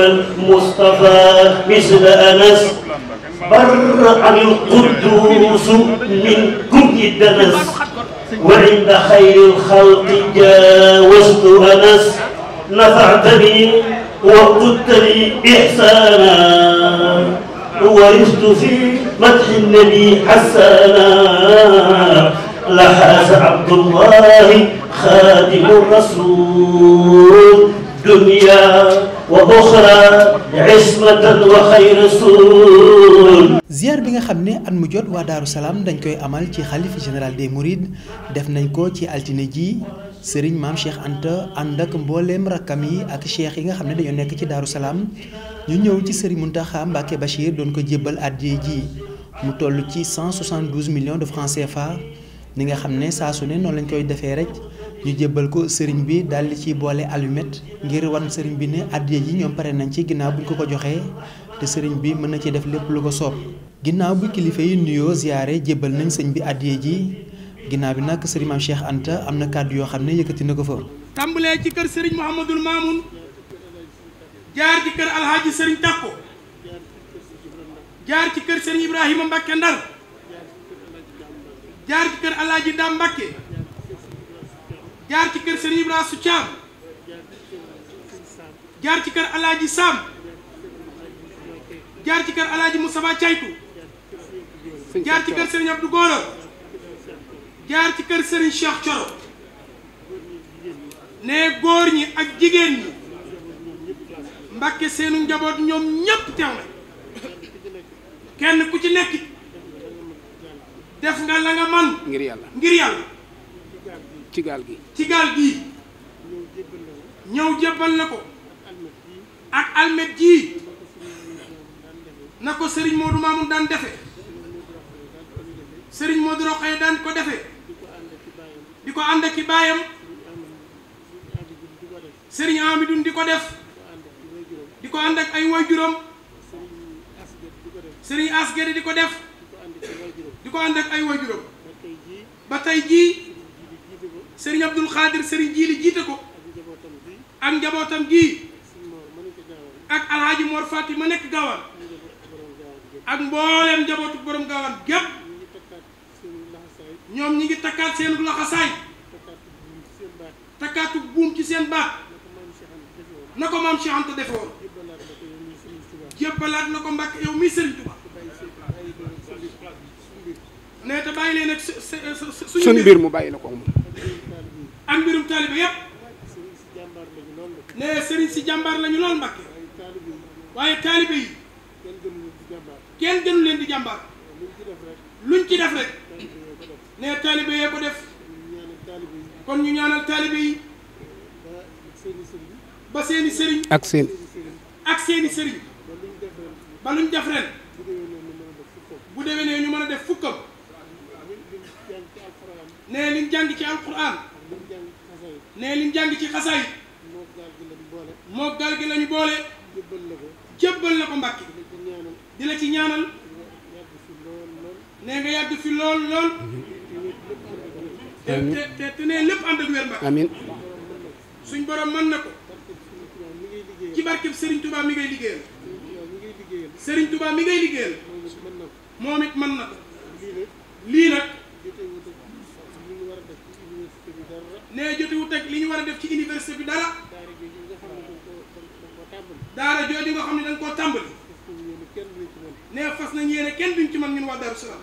المصطفى مثل أنس برأ القدوس من كل دنس وعند خير الخلق جاوزت أنس نفعتني وقدت لي إحسانا ورثت في مدح النبي حسانا لحاز عبد الله خادم الرسول dunya wa uxra ismatan wa xayra suul ziar bi nga xam ne at mu jot waa Daaru Salaam dañ koy amal ci xalifa général des Mourides def nañ ko ci altine ji sëriñ maam Cheikh Anta ànd ak mbooleem rakkam yi ak cheikh yi nga xam ne dañoo nekk ci Daaru Salaam ñu ñëw ci sëriñ Mountakha Mbacké Bachir doon ko jébbal addiya ji mu toll ci 172 millions de francs CFA ni nga xam ne saa su ne noonu lañ koy defee rek. ñu jébbal ko sëriñ bi daal di ci boole allumette ngir wan sëriñ bi ne addiya yi ñoom pare nañ ci ginnaaw buñ ko ko joxee te sëriñ bi mën na ci def lépp lu ko soob. ginnaaw bu kilifa yi nuyoo ziyaare jébbal nañ sëñ bi addiya ji ginnaaw bi nag sëriñ maam Anta am na kàddu yoo xam ne yëkkati na ko fa. tàmbalee ci kër sëriñ Mouhamadul Mamoun jaar ci kër Alhaji sëriñ Takko jaar ci kër sëriñ Ibrahima Mbacke Ndar jaar ci kër Alhaji Dam Mbacke. jaar ci kër Serigne Ibra su Thiam jaar ci kër Alaaji Sam jaar ci kër Alaaji Moustapha Caytu jaar ci kër Serigne Abdou Golo jaar ci kër Serigne Cheikh Thioro ne góor ñi ak jigéen ñi Mbàkke seenu njaboot ñoom ñépp teew na kenn ku ci nekk def nga la nga man ngir yàlla ci gaal gi ci gaal gi ñëw jébbal na ko ak almet ji na ko sëriñ Modou Mamoun daan defe sëriñ Modou Rokhaya daan ko defe di ko ànd ak i baayam sëriñ Amidou di ko def di ko ànd ak ay waajuram sëriñ Asgeri di ko def di ko ay ba tey jii sëriñ Abdul Xaadir sëriñ Jiili jiite ko ak njabootam gii ak alhaaji Mor Fati ma nekk gaawaan ak mbooleem njabootu borom gaawaan gépp ñoom ñi ngi takkaat seen laxasaay takkaatu buum ci seen baax na ko maam Cheikh Anta defe woon na ko mbàkk yow mii sëriñ Tuubaa ne te bàyyi leen ak suñu mbir mu bàyyi la ko ak mbirum taalibe yépp nee sëriñ si jàmbaar lañu lool Mbàkke waaye taalibe yi kenn gënu leen di jàmbaar luñ ci def rek nee taalibe yee def kon ñu ñaanal taalibe yi ba seeni sëriñ ak seen ak seeni sëriñ ba luñ def ren bu déwénee ñu mën a def fukkam nee liñ jàng ci alquran. nee liñ jàng ci xasaay. moo gaal gi lañ boole. moo gaal gi lañ boole. ko. jébbal la ko Mbàkke. di ci ñaanal. nee nga yàgg fi lool lool. amiin te te te nee lépp ànd ak wér Mbàkke. suñ borom mën na ko. ci barkeb Serigne Touba mi ngay liggéeyal. Serigne Touba mi ngay liggéeyal. moom it mën na ko. lii nag. nee jotewut ak li ñu war a def ci université bi dara daara di nga xam ne dañ koo tàmbali nee fas nañ yéene kenn duñ ci man ñun waa Darou Salaam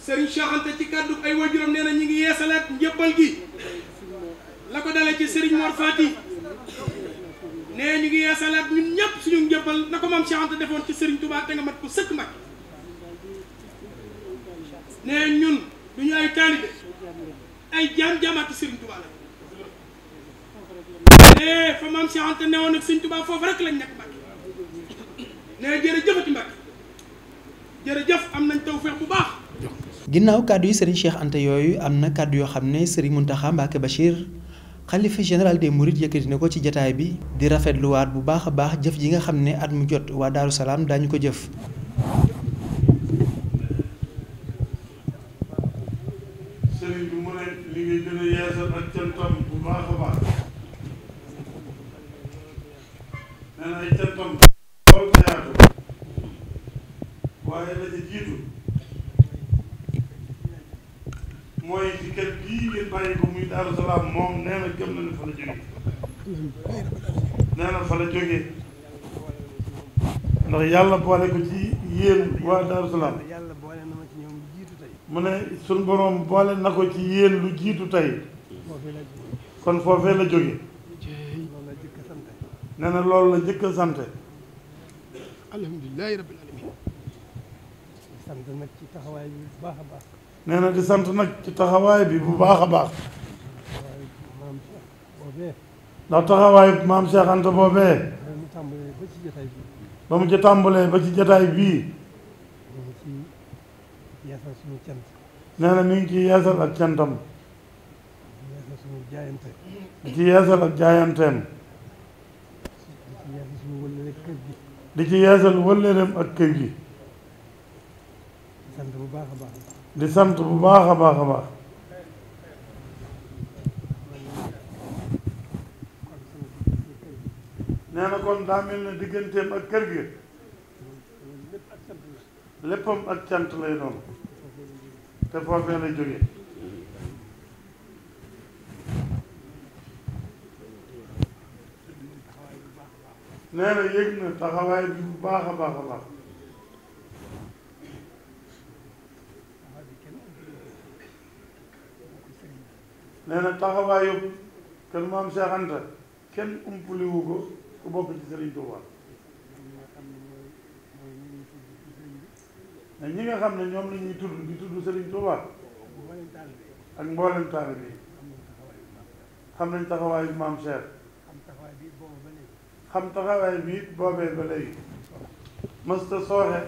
Serigne Cheikh Anta ci kàddu ay waajuram nee na ñu ngi yeesalaat njëbbal gi la ko dalee ci Serigne Mor Fati nee ñu ngi yeesalaat ñun ñëpp suñu njëbbal na ko maam Cheikh Anta defoon ci Serigne Touba te nga mat ko sëkk mag nee ñun du ñu ay taalibe ay jaam jaamaati Serigne Touba la. ne eh, fa maam Cheikh Anta ne woon ak Serigne foofu rek lañ nekk Mbacke ne jërëjëfati Mbacke am nañ tawfeex bu baax. ginnaaw kàddu yi Serigne Cheikh Anta yooyu am na kàddu yoo xam ne sëriñ Mountakha Mbacké Bachir xalifa général des Mourides yëkkati na ko ci jataay bi di rafetluwaat bu baax a baax jëf ji nga xam ne at mu jot waa Daaru Salaam daañu ko jëf. salaam moom nee na gëm nañu fa la jógee nee na fa la ndax yàlla boole ko ci yéen waa Daaru mu ne suñ boroom boole na ko ci yéen lu jiitu tey kon foofee la jógee nee na loolu la njëkk a sant alhamdulilah rabbil alamin sant nag ci taxawaay bi bu baax a baax na di sant nag ci taxawaay bi bu baax a baax ndax taxawaayu maam Cheikh Anta ba mu ci tàmbalee ba ci jataay bii nee na mi ngi ci yeesal ak cantam di ci yeesal ak jaayanteem di ci yeesal wëllëreem ak kër gi di sant bu baax a baax baax nee na kon daa digganteem ak kër gi léppam ak cant lay doon te foofee la jóge nee yëg na taxawaay bi bu baax a baax a baax nee na kër maam Cheikh kenn umpaliwu ko ku bokk ci Sëriñ Tuuba mais ñi nga xam ne ñoom lañuy ñuy tudd di tudd Sëriñ Tuuba ak mboolem taalibe bi xam nañ taxawaay maam Cheikh xam taxawaay bi it boobee ba léegi mësta sooxe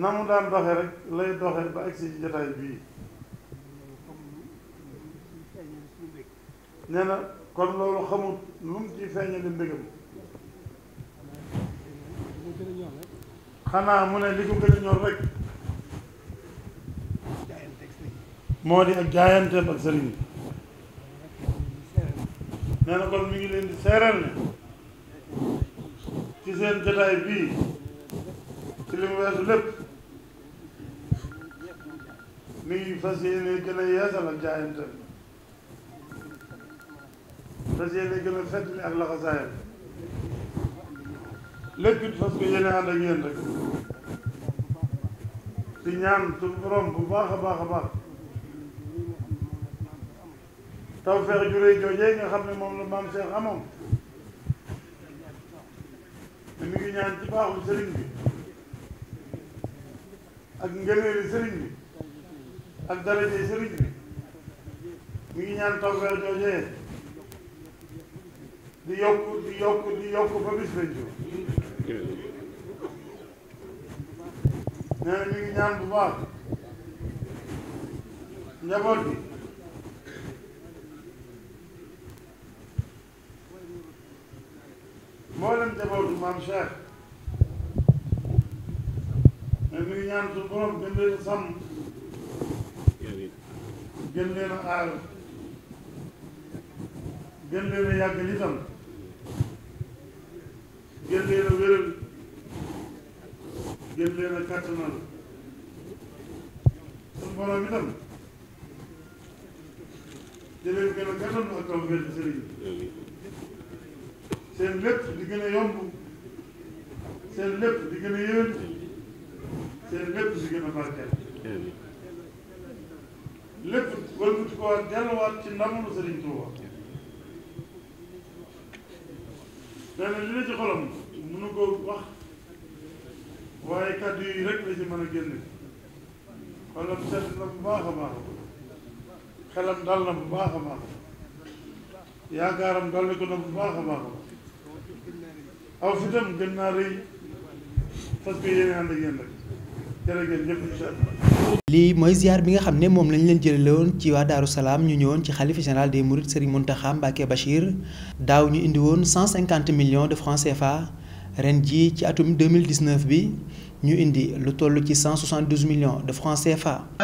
na mu daan doxe rek lay doxe ba agsi ci jotaay bii nee kon loolu xamul lu mu ci feeñale mbégam xanaa mu ne li ko gën a ñor rek moo di ak jaayanteem ak sëriñ bi na kon mi ngi leen di seeral ne ci seen jotaay bi ci li mu weesu lépp mi ngi fas yéene gën a yeesal ak jaayanteem fas yéene gën a fàttali ak laxasaayam lépp it fas ko yéene ànd ak yéen rek ci ñaan su borom bu baax a baax a baax tawfeex ju rëy joojee nga xam ne moom la maam Cheikh amoon te mi ngi ñaan ci baaxu sëriñ bi ak ngëneeli sëriñ bi ak daraje sëriñ bi mi ngi ñaan tawfeex joojee di yokku di yokku di yokku ba bis lañ jóg nee na bi mboolem njabootu maam Cheikh nee na mi ngi ñaan su borom gën leen sàmm gën leen a aar gën leen gën leen a wéral gën leen a kàttanal suñu borom itam di leen gën a kàttan ak taw benn sëriñ seen lépp di gën a yomb seen lépp di gën a yéwén seen lépp di gën a barkeel lépp wëlbati ko waat delluwaat ci ndamalu sëriñ Tuuba dana li la ci koo wax a génne na lii mooy ziar bi nga xam ne moom lañ leen jëlale woon ci waa Daaru ñu ñëwoon ci xalifa général des Mourides Serigne Mountakha Mbacké Bachir daaw ñu indi woon 150 millions de francs CFA ren ji ci atum 2019 bi ñu indi lu toll ci 172 millions de francs CFA.